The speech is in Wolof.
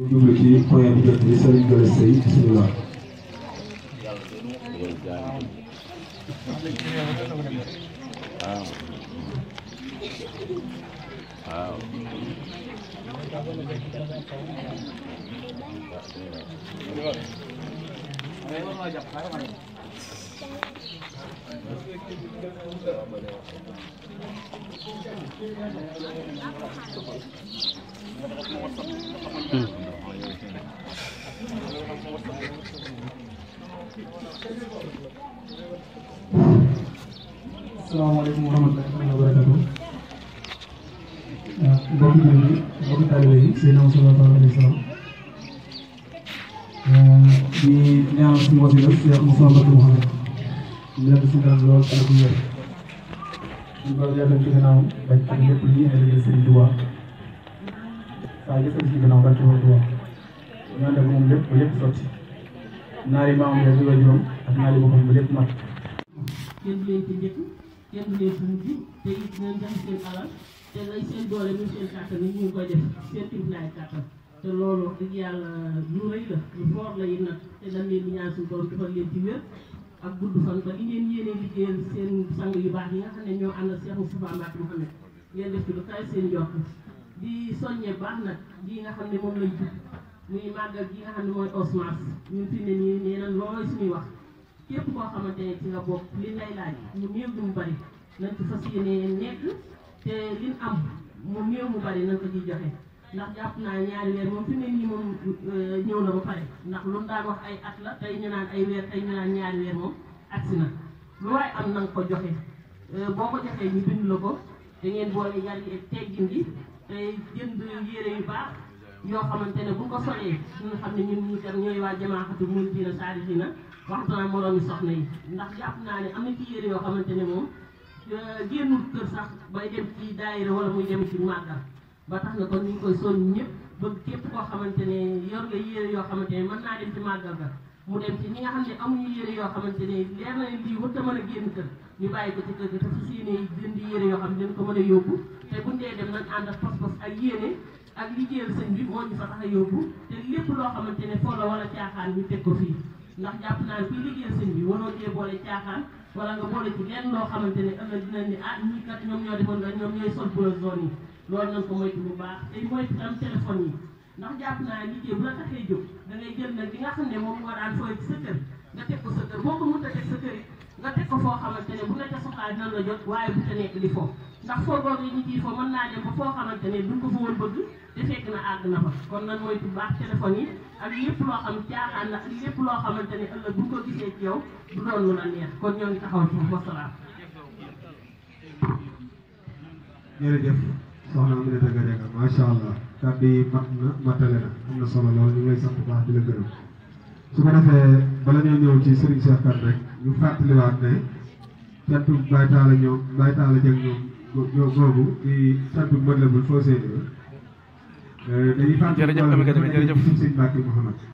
ñu jublu ci point bu jot bi Serigne Gallés Seye salaamaaleykum wa rahmatullaahi wa barakaatuh ah, mbokki jullit yi mbokki taalibe yi di ñaan suñu wasila Cheikh Moussa Bakar Mouhamed ñu nekk si daan lool ak wér ñu ko yàggal ci gannaaw bañ ak lépp lu yéene liggéey Serigne Touba saa yëpp ci gannaaw barke Serigne Touba ñu ànd ak moom lépp ba lépp sotti naari maam ya bu juróom ak naari boppam ba lépp mat kenn leen ko njëkk kenn leen ko mujj te it dinañ def seen alal te lay seen doole ñu seen kàttan ñu ngi koy def seen tim laay kàttan te loolu wax dëgg yàlla lu rëy la lu foor la it nag te dañ leen di ñaan suñu borom defal leen ci wér ak gudd fan ba li ngeen yéenee liggéeyal seen sang yu baax yi nga xam ne ñoo ànd ak Cheikh Moustapha Mbacké Mouhamed ngeen def ci lu kaay seen njort di soññe baax nag lii nga xam ne moom lañ jub muy màggal gi nga xam ne mooy osmars ñun fi ne nii nee nañ suñuy wax képp koo xamante ne ci nga bokk li lay laaj mu néew du mu bari nañ ci fas yéenee nekk te liñ am mu néew mu bari nañ ko ciy joxe ndax jàpp naa ñaari weer moom fi mu ne nii moom euh, ñëw na ba pare ndax lu daan wax ay at la tey ñu naan ay weer tey ñu naan ñaari weer moom agsi na lu waaye am na ko joxe euh, boo ko joxee ñu bind la ko da ngeen boole yar gi ak gi tey jënd yére yu baax yoo xamante ne bu ko solee dina xam ne ñun ñii kat ñooy waa jamaaxatu muy diina saari diina waxtu naa moroomi soxna yi ndax jàpp naa ne am na ci yére yoo xamante ne moom euh, génnul kër sax bay dem ci daayira wala muy dem ci màggal ba tax na kon ñu ngi koy ñëpp ba képp koo xamante ne yor nga yoo xamante ne mën naa dem ci màggal ga mu dem ci ñi nga xam ne amuñu yére yoo xamante ne leer na lii wut a mën a génn kër ñu bàyyi ko ci kër gi te su séenee jënd yére yoo xam ne dañ ko mën a yóbbu te buñ dee dem nañ ànd ak pas-pas ak yéene ak liggéeyal sëñ bi moo ñu fa tax a yóbbu te lépp loo xamante ne foo la wala caaxaan ñu ko fii ndax jàpp naa ne kuy liggéeyal sëñ bi waroo cee boole caaxaan wala nga boole ci lenn loo xamante ne ëllëg dinañ ne ah ñii kat ñoom ñoo defoon rek ñoom ñooy sol bula zone yi loolu nañ ko moytu bu baax te moytu tam téléphone yi ndax jàpp naa ne liggéey bu la taxee jóg da ngay jël nag li nga xam ne moom moo daan fooy ci sa kër nga teg ko sa kër boo ko mënta teg sa kër it nga teg ko foo xamante ne waaye dinañ la jot waaye bu ca nekk ndax foo yi nit yi fo mën naa dem ba foo xamante ne duñ ko fa bëgg te fekk na àgg na fa kon nan mooy bu baax yi ak lépp loo xam caaxaan la ak ko gisee ci yow du doon lu neex kon ñoo taxaw foofu wasalaam. jërëjëf soxna Aminata Gadiaga na matale na am ñu ngi lay baax di su ko defee bala ñoo ñëw ci Serigne Cheikh rek ñu fàttaliwaat ne. sant Baye Talla ñoom Baye Talla Dieng ñoom ñoom boobu di sant Mbodj la bu foo séenee. Euh, dañuy fàttali jërëjëf Amika tamit jërëjëf Sëñ Mbacke Mouhamad